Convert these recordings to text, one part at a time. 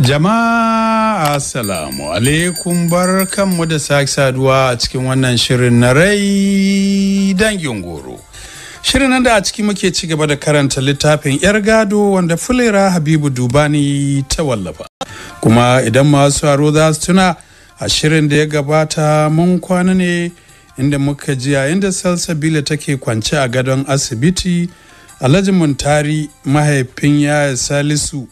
Jama'a asalamu alaikum bar kanmu da sake saduwa a cikin wannan shirin na rai dangin goro. Shirin nan da a ciki muke ci gaba da karanta littafin 'yar gado wanda fulera Habibu Dubani ta wallafa. Kuma idan masu aro za su tuna a shirin da ya gabata mun kwana ne inda muka ji yayin da Salsabila take kwance a gadon asibiti, Alhaji Muntari mahaifin yaya Salisu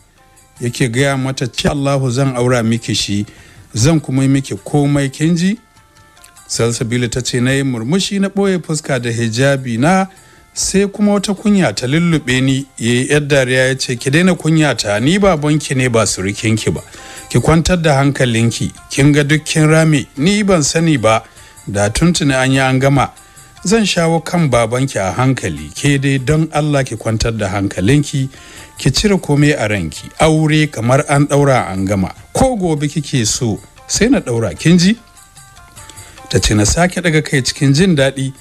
yake gaya mata ce Allahu zan aura miki shi zan kuma yi miki komai kin ji salsabila ta ce na yi murmushi na ɓoye fuska da hijabi na sai kuma wata kunya ta lullube ni ya yi yar dariya ya ce ki daina kunya ta ni babanki ne ba surukinki ba ki kwantar da hankalinki kin ga dukkin rami. ni ban sani ba da tuntuni an yi an gama zan shawo kan babanki a hankali ke dai don Allah ki kwantar da hankalinki ki cire komai a ranki aure kamar an ɗaura an gama ko gobe kike so sai na ɗaura kin ji ta ce na sake daga kai cikin jin daɗi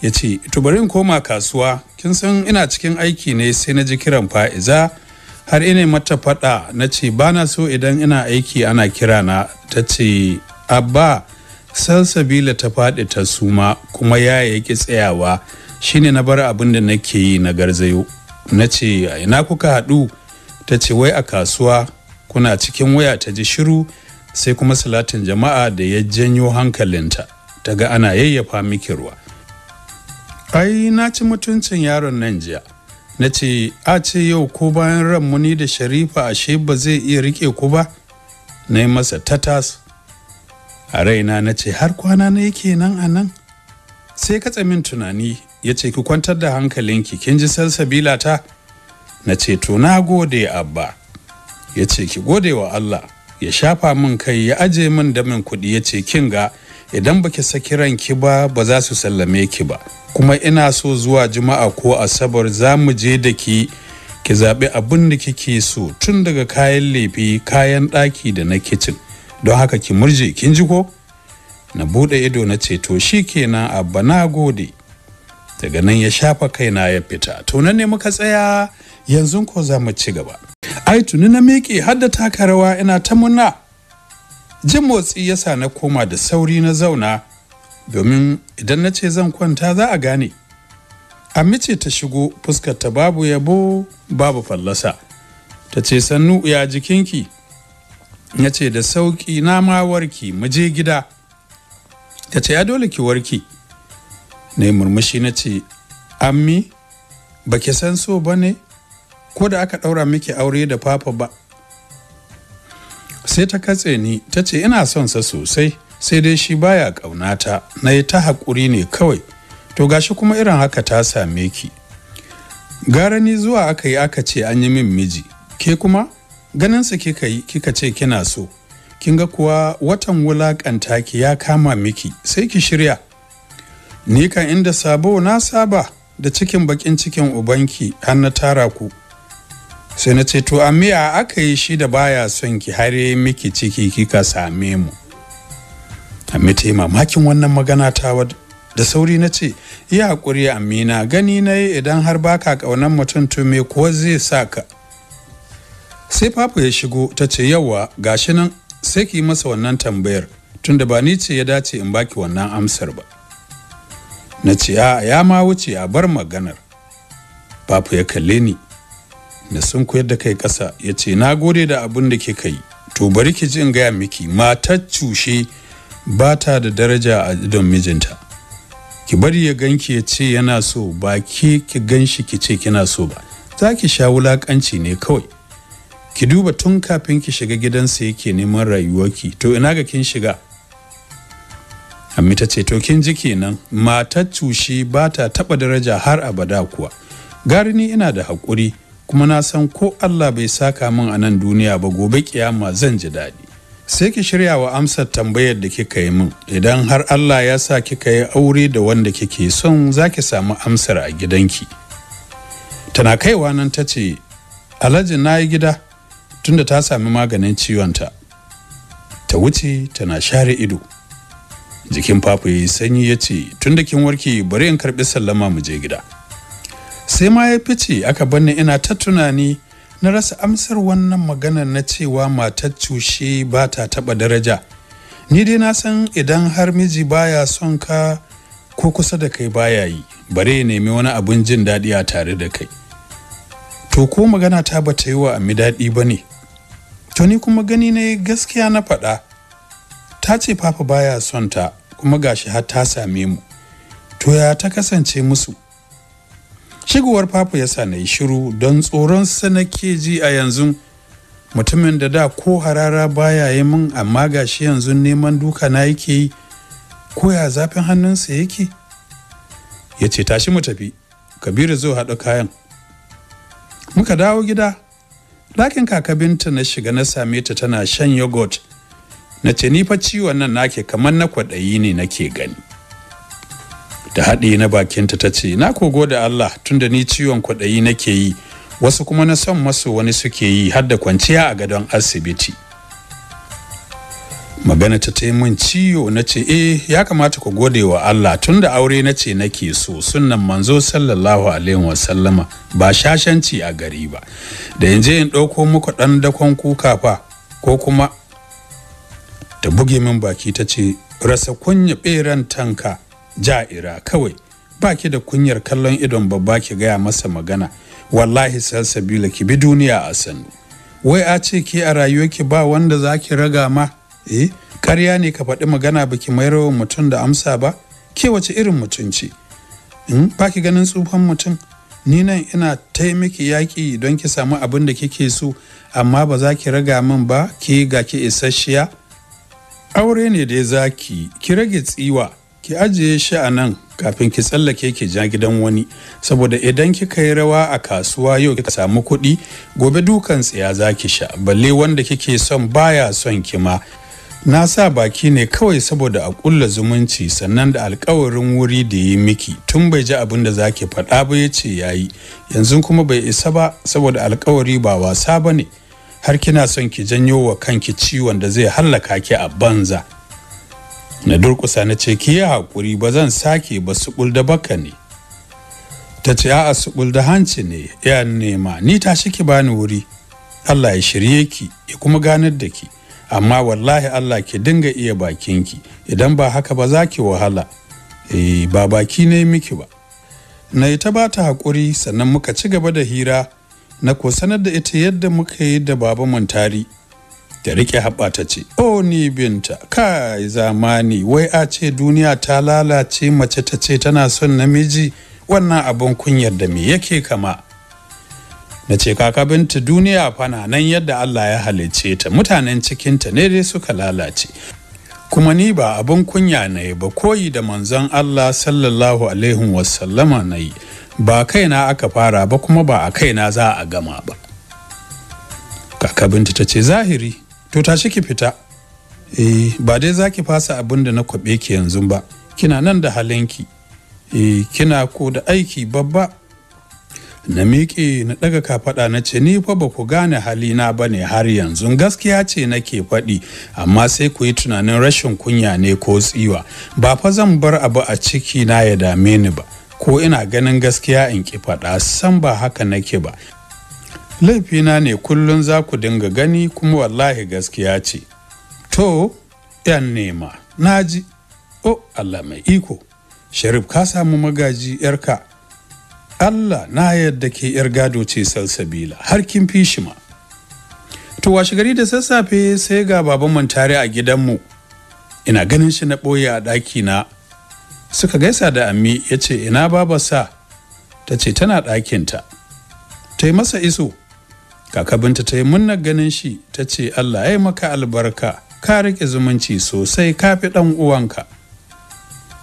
ya ce tubarin koma kasuwa kin san ina cikin aiki ne sai na ji kiran fa'iza har ina mata faɗa na ce ba na so idan ina aiki ana kirana ta ce abba salsabila ta faɗi ta suma kuma ya yaki tsayawa shine na bar abin da nake yi na garzayo na ce a ina kuka haɗu ta ce wai a kasuwa kuna cikin waya ta ji shiru sai kuma salatin jama'a da ya janyo hankalinta ta ga ana yayyafa miki ruwa ai na ci mutuncin yaron nan jiya na ce a ce yau ko bayan ran muni da sharifa ashe ba zai iya rike ku ba na yi masa tatas a raina na ce har kwana na yake nan a nan sai ka tsamin tunani ya ce ki kwantar da hankalinki kin ji salsabila ta na ce to na gode abba ya ce ki gode wa Allah ya shafa min kai ya aje min da min kuɗi ya ce kin ga idan ba ki saki ranki ba ba za su sallame ki ba kuma ina so zuwa juma'a ko asabar za mu je da ki ki zaɓi abin da kike so tun daga kayan lefi kayan ɗaki da na kicin don haka ki murje kin ji ko na buɗe ido na ce to shi kenan abba na gode daga nan ya shafa kaina ya fita to nan ne muka tsaya yanzu ko za mu ci gaba ai tuni na miƙe har da taka rawa ina ta munna jin motsi ya sa na koma da sauri na zauna domin idan na ce zan kwanta za a gane amice ta shigo fuskar ta babu yabo babu fallasa ta ce sannu ya jikinki ya ce da sauƙi na ma warki muje gida ta ce ya dole ki warki na yi murmushi na ce ammi ba ki san so ba ne ko da aka ɗaura miki aure da papa ba sai ta katse ni ta ce ina son sa sosai sai dai shi baya ƙaunata na yi ta haƙuri ne kawai to gashi kuma irin haka ta same ki gara ni zuwa aka yi aka ce an yi min miji ke kuma ganinsa kika yi kika ce kina so kin ga kuwa watan wulakanta ki ya kama miki sai ki shirya ni kan inda sabo na saba da cikin bakin cikin ubanki har na tara ku sai na ce to amiya aka yi shi da baya son ki hare miki ciki kika same mu amma yi mamakin wannan magana ta da sauri na ce yi haƙuri amina gani na yi idan har baka ƙaunar mutum to me ko zai sa ka sai fafa ya shigo ta ce yawa gashi nan sai ki masa wannan tambayar tunda ba ni ce ya dace in baki wannan amsar ba na ce a ya ma wuce a bar maganar fafa ya kalle ni na sun koyar da kai ƙasa ya ce na gode da abin da kika yi to bari ki ji in gaya miki matar cushe ba ta da daraja a idon mijinta ki bari ya ganki ya ce yana so ba ki ki ganshi ki ce kina so ba za ki sha wulakanci ne kawai ki duba tun kafin ki shiga gidansa yake neman rayuwarki to ina ga kin shiga ta ce to kin ji kenan matar cushe ba ta taɓa daraja har abada kuwa gari ni ina da haƙuri kuma na san ko Allah bai saka min a nan duniya ba gobe kiyama zan ji daɗi sai ki shirya wa amsar tambayar da kika yi min idan har Allah ya sa kika yi aure da wanda kike son za ki samu amsar a gidanki tana kaiwa nan ta ce alhaji na yi gida tunda ta sami maganin ciwon ta Ta wuce tana share ido jikin fafu yi sanyi ya ce tunda kin warke bari in karɓi sallama mu je gida sai ma ya fice aka banne ina ta tunani na rasa amsar wannan maganar na cewa matar cushe ba ta taɓa daraja ni dai na san idan har miji baya son ka ko kusa da kai baya yi bare ya nemi wani abin jin daɗi a tare da kai to ko magana ta bata yi wa ammi daɗi ba ne to kuma gani ne gaskiya na faɗa ta ce fafa baya son ta kuma gashi har ta same mu to ya ta kasance musu shigowar fafa ya sa na yi shiru don tsoron sanake ji a yanzu mutumin da da ko harara baya yi min amma gashi yanzu neman duka na yake yi ko ya zafin hannunsa yake ya ce tashi mu tafi kabiru zo haɗa kayan muka dawo gida Lakin kakabinta na shiga na same ta tana shan yogurt na ce ni fa ciwon nan nake kamar na kwaɗayi ne nake gani da haɗe na bakinta ta ce na kogo da Allah tunda ni ciwon kwaɗayi nake yi wasu kuma na son masu wani suke yi har da kwanciya a gadon asibiti magana ta ta min ciwo na ce eh ya kamata ku gode wa Allah tunda aure na ce nake so sunnan manzo sallallahu alaihi sallama, ba shashanci a gari ba da yanzu in ɗauko muku ɗan dakon kuka fa ko kuma ta buge min baki ta ce rasa kunya ɓeran tanka ja'ira kawai baki da kunyar kallon idon babba ki gaya masa magana wallahi salsabila ki bi duniya a sannu wai a ce ki a rayuwarki ba wanda zaki raga ma eh ƙarya ne ka faɗi magana baki mai rawar mutum da amsa ba ke wace irin mutunci in hmm, ba ki ganin tsufan mutum ni nan ina taimaki yaƙi don ki samu abin da kike so amma ba za ki raga min ba ki ga ki isasshiya aure ne dai za ki ki rage tsiwa ki ajiye shi a nan kafin ki tsallake ki ja gidan wani saboda idan kika yi rawa a kasuwa yau kika samu kuɗi gobe dukan tsaya za ki sha balle wanda kike son baya son ki ma na sa baki ne kawai saboda a ƙulla zumunci sannan da alkawarin wuri da yi miki tun bai ji abin da zaki faɗa ba ya ce ya yi yanzu kuma bai isa ba saboda alkawari ba wasa ba ne har kina son ki janyo wa kanki ciwon da zai hallaka ki a banza na durƙusa na ce ki yi hakuri ba zan sake ba su baka ne ta ce a'a su da hanci ne ya nema ni tashi ki bani wuri Allah ya shirye ki ya kuma ganar da ki amma wallahi Allah ki dinga iya bakinki idan ba haka ba za ki wahala eh, ba baki ne miki ba na ita ba ta haƙuri sannan muka ci gaba da hira na ko sanar da ita yadda muka yi da baba mantari da rike haɓa ta ce o ni binta kai zamani wai a ce duniya ta lalace mace ta ce tana son namiji wannan abin kunyar da me yake kama na ce kaka binta duniya fana nan yadda allah ya halicce ta mutanen cikinta ne dai suka lalace kuma ni ba abin kunya na ba koyi da manzon allah sallallahu alaihi wasallama na yi ba kaina aka fara ba kuma ba a kaina za a gama ba kaka binta ta ce zahiri to tashi ki fita eh ba dai za ki fasa abin da na kwaɓe ki yanzu ba kina nan da halinki e kina ko da aiki babba na miƙe na ɗaga kafaɗa na ce ni fa ba ku gane halina ba ne har yanzu gaskiya ce nake faɗi amma sai ku yi tunanin rashin kunya ne ko tsiwa ba fa zan bar abu a ciki na ya dame ni ba ko ina ganin gaskiya in ki faɗa san ba haka nake ba laifina ne kullum za ku dinga gani kuma wallahi gaskiya ce to yan nema naji o oh, allah mai iko sharif ka samu magaji yarka Allah na yadda ke yar gado ce salsabila har kin fi shi ma. To washe gari da sassafe sai ga baban mun tare a gidanmu. Ina ganin shi na ɓoye a ɗaki na. Suka gaisa da ammi ya ce ina baba sa ta ce tana ɗakinta. Ta yi masa iso. Kakabinta ta yi munna ganin shi ta ce Allah ya maka albarka ka rike zumunci sosai ka fi ɗan uwanka.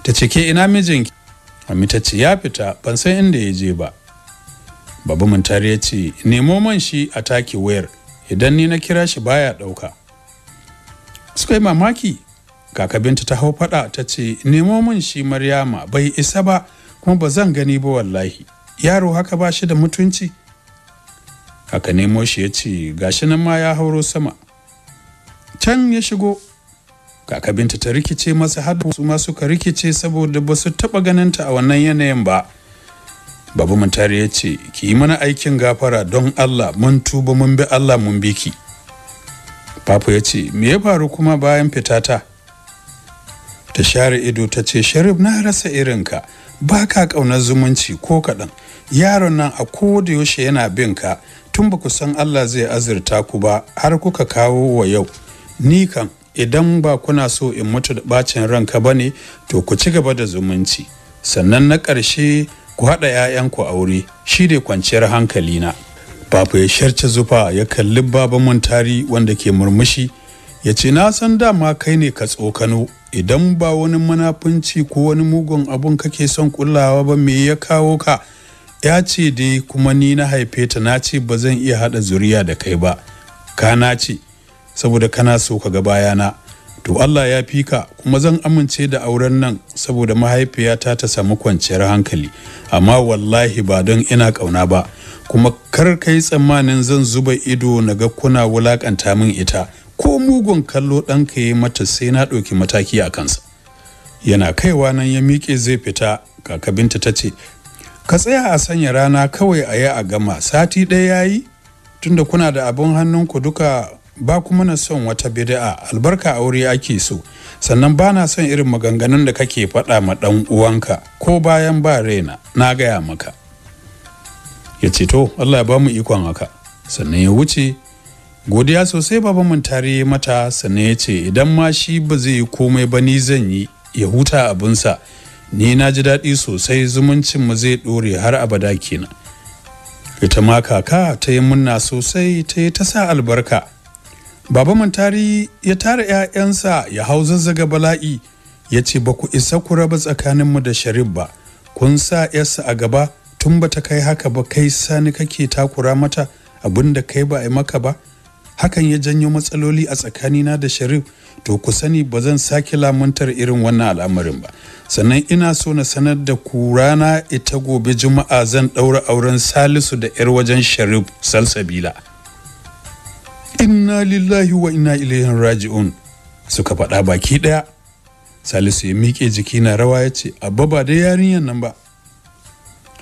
Ta ce ke ina mijinki Ami ce ya fita ban san inda ya je ba. Baba muntar ya ce nemo man shi a taki wayar idan ni na kira shi baya ɗauka. Suka yi mamaki kaka binta ta hau faɗa ta ce nemo man shi Maryama bai isa ba kuma ba zan gani ba wallahi yaro haka ba shi da mutunci. Haka nemo shi ya ce gashi nan ma ya hauro sama. Can ya shigo kaka binta ta rikice masa har su ma suka rikice saboda ba su taɓa ta a wannan yanayin ba babu mutare ya ce ki yi mana aikin gafara don allah mun tuba mun bi allah mun bi ki Papa ya ce me ya faru kuma bayan fitata ta share ido ta ce sharif na rasa irinka ba ka kauna zumunci ko kaɗan yaron nan a koda yaushe yana bin ka tun ba ku san allah zai azurta ku ba har kuka kawo wa yau ni kan idan ba kuna so in mutu da bacin ranka ba ne to ku ci gaba da zumunci sannan na ƙarshe ku haɗa 'ya'yanku aure shi ne kwanciyar hankali na. Babu ya sharce zufa ya kalli baban Muntari wanda ke murmushi ya ce na san dama kai ne ka tsokano idan ba wani manafunci ko wani mugun abun kake son kullawa ba me ya kawo ka ya ce dai kuma ni na haife ta na ce ba zan iya haɗa zuriya da kai ba ka na ce saboda kana so ka ga bayana to Allah ya fi ka kuma zan amince da auren nan saboda mahaifiyata ta samu kwanciyar hankali amma wallahi ba don ina kauna ba kuma kar kai tsammanin zan zuba ido na ga kuna wulakanta min ita ko mugun kallo ɗanka ya mata sai na ɗauki mataki a kansa yana kaiwa nan ya miƙe zai fita kaka binta ta ce ka tsaya a sanya rana kawai a yi a gama sati ɗaya ya yi tunda kuna da abin hannunku duka ba kuma na son wata bida'a albarka aure ake so sannan ba na son irin maganganun da kake faɗa ma ɗan uwanka ko bayan ba raina na gaya maka ya ce to Allah ya ba mu ikon haka sannan ya wuce godiya sosai mun tare mata sannan ya ce idan ma shi ba zai yi komai ba ni zan yi ya huta sa ni na ji daɗi sosai zumuncin mu zai ɗore har abada kenan ita ma kaka ta yi munna sosai ta yi ta sa albarka baba mantari ya tara 'ya'yansa ya hau zazzaga bala'i ya ce ba ku isa ku raba tsakaninmu da sharif ba kun sa 'yarsa a gaba tun ba ta kai haka ba kai sani kake takura mata abin da kai ba a maka ba hakan ya janyo matsaloli a tsakanina da sharif to ku sani ba zan sake lamuntar irin wannan al'amarin ba sannan ina so na sanar da ku rana ita gobe juma'a zan ɗaura auren salisu da 'yar wajen sharif salsabila inna lillahi wa inna ilaihi raji'un suka faɗa baki ɗaya salisu ya miƙe jiki na rawa ya ce abba ba da yarinyar nan ba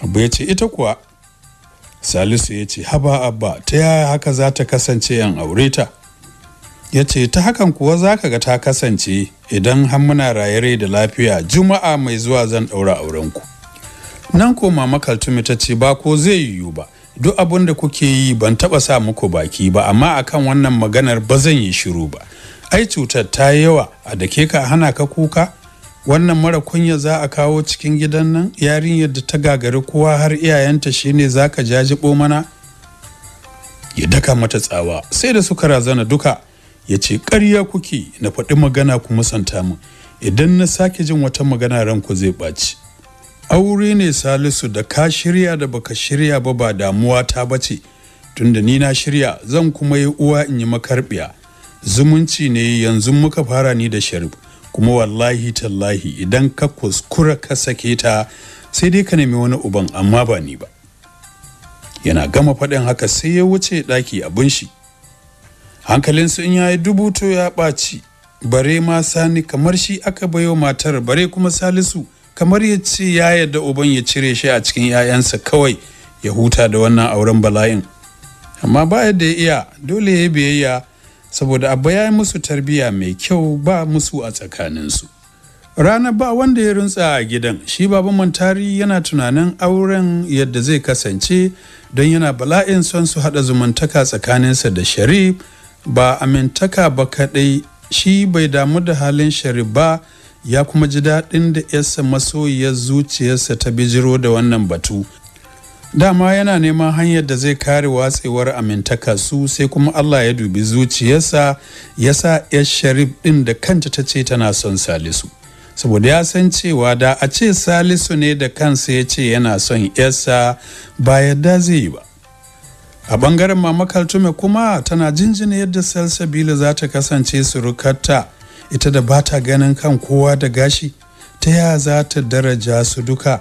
abu ya ce ita kuwa salisu ya ce haba abba ta yaya haka za ta kasance yan aure ta ya ce ta hakan kuwa za ka ga ta kasance idan har muna raye da lafiya juma'a mai zuwa zan ɗaura aurenku nan ko mama kaltumi ta ce ba ko zai yiwu ba duk abin da kuke yi ban taba sa muku baki ba amma akan wannan maganar ba zan yi shiru ba ai cutar ta yi yawa a da ke ka hana ka kuka wannan mara kunya za a kawo cikin gidan nan yarinyar da ta gagari kowa har iyayenta shine za ka jaji mana ya daka mata tsawa sai da suka razana duka ya ce ƙarya kuke na faɗi magana ku musanta mu idan na sake jin wata magana ranku zai ɓaci aure ne salisu da ka shirya da baka shirya ba ba damuwa ta bace tunda ni na shirya zan kuma yi uwa in yi makarbiya zumunci ne yanzu muka fara ni da sharif kuma wallahi tallahi idan ka kuskura ka sake ta sai dai ka nemi wani uban amma ba ni ba yana gama faɗin haka sai ya wuce ɗaki abin shi hankalinsu in yayi dubuto ya ɓaci bare ma sani kamar shi aka bayo matar bare kuma salisu kamar ya ce ya yadda uban ya cire shi a cikin 'ya'yansa kawai ya huta da wannan auren bala'in amma ba yadda ya iya dole ya biyayya saboda abba ya yi musu tarbiyya mai kyau ba musu a tsakaninsu rana ba wanda ya runtsa a gidan shi baban mantari yana tunanin auren yadda zai kasance don yana bala'in son su haɗa zumuntaka tsakaninsa da sharif ba amintaka ba kaɗai shi bai damu da halin sharif ba ya kuma ji daɗin da yarsa masoyiyar zuciyarsa ta bijiro da wannan batu dama yana neman hanyar da zai kare watsewar amintaka su sai kuma allah ya dubi zuciyarsa ya sa yar sharif ɗin da kanta ta ce tana son salisu saboda ya san cewa da a ce salisu ne da kansa ya ce yana son yarsa ba yadda zai yi ba a bangaren mama kaltume kuma tana jinjina yadda salsabila za ta kasance surukarta ita da ba ta ganin kan kowa da gashi ta ya za ta daraja su duka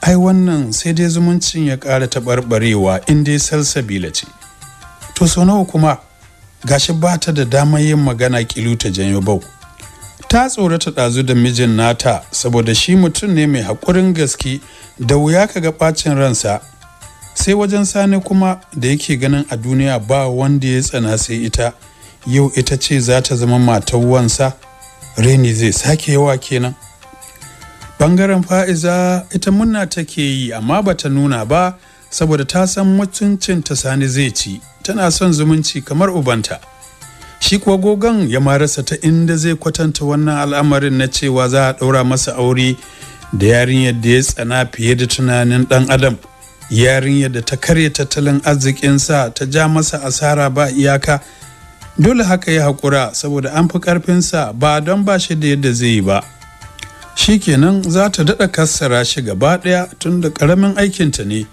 ai wannan sai dai zumuncin ya ƙara taɓarɓarewa in dai salsabila ce to so nawa kuma gashi ba ta da damar yin magana kilu ta janyo bau ta tsorata ɗazu da mijin nata saboda shi mutum ne mai haƙurin gaske da wuya ka ga ɓacin ransa sai wajen sani kuma da yake ganin a duniya ba wanda ya tsana sai ita yau ita ce za ta zama matar wansa reni zai sake yawa kenan bangaren fa'iza ita munna take yi amma bata nuna ba saboda ta san mutuncin ta sani zai ci tana son zumunci kamar ubanta shi kuwa gogon ya marasa ta inda zai kwatanta wannan al'amarin na cewa za a ɗaura masa aure da yarinyar da ya tsana fiye da tunanin ɗan adam yarinyar da ta karya tattalin arzikinsa ta ja masa asara ba iyaka dole haka ya haƙura saboda an fi ƙarfinsa ba don ba shi da yadda zai yi ba shi kenan za ta daɗa kassara shi gaba ɗaya tun da ƙaramin aikinta ne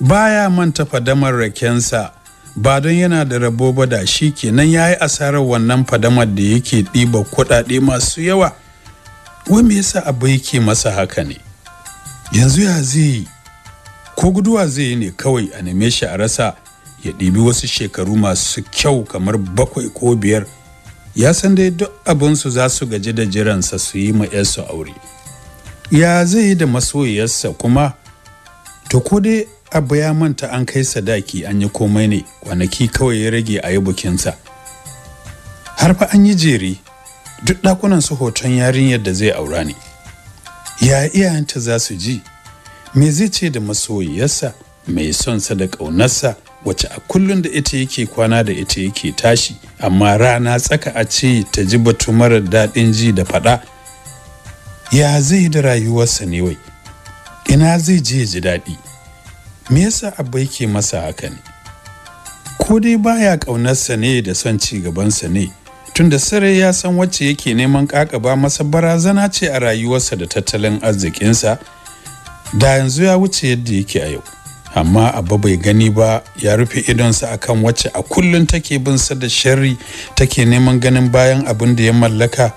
baya manta fadamar rakensa ba don yana da rabo ba da shi kenan ya yi asarar wannan fadamar da yake ɗiba kuɗaɗe masu yawa wai me yasa abu yake masa haka ne yanzu ya zai yi ko guduwa zai yi ne kawai a neme shi a rasa ya ɗibi wasu shekaru masu kyau kamar bakwai ko biyar ya san dai duk abinsu za su gaji da jiransa su yi ma yarsu aure ya zai yi da masoyiyarsa kuma to ko dai abu ya manta an kai sadaki an yi komai ne kwanaki kawai ya rage a yi bukinsa har fa an yi jere? duk ɗakunan su hoton yarinyar da zai aura ne ya iyayenta za su ji me zai ce da masoyiyarsa mai son sa da ƙaunarsa Wace a kullum da ita yake kwana da ita yake tashi amma rana tsaka a ce ta ji batu mara daɗin ji da faɗa ya zai da rayuwarsa ne wai ina zai je ji daɗi me yasa abba yake masa haka ne ko dai baya ƙaunarsa ne da son ci gabansa ne tunda sare ya san wacce yake neman ƙaƙaba masa barazana ce a rayuwarsa da tattalin arzikinsa da yanzu ya wuce yadda yake a yau amma abba bai gani ba ya rufe idonsa akan wacce a kullum take bin sa da sharri take neman ganin bayan abin da ya mallaka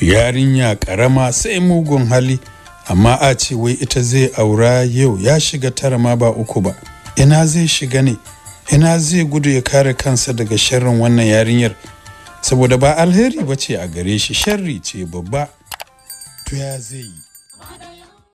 yarinya karama sai mugun hali amma a ce wai ita zai aura yau ya shiga tara ma ba uku ba ina zai shiga ne ina zai gudu ya kare kansa daga sharrin wannan yarinyar saboda ba alheri ba ce a gare shi sharri ce babba to ya zai yi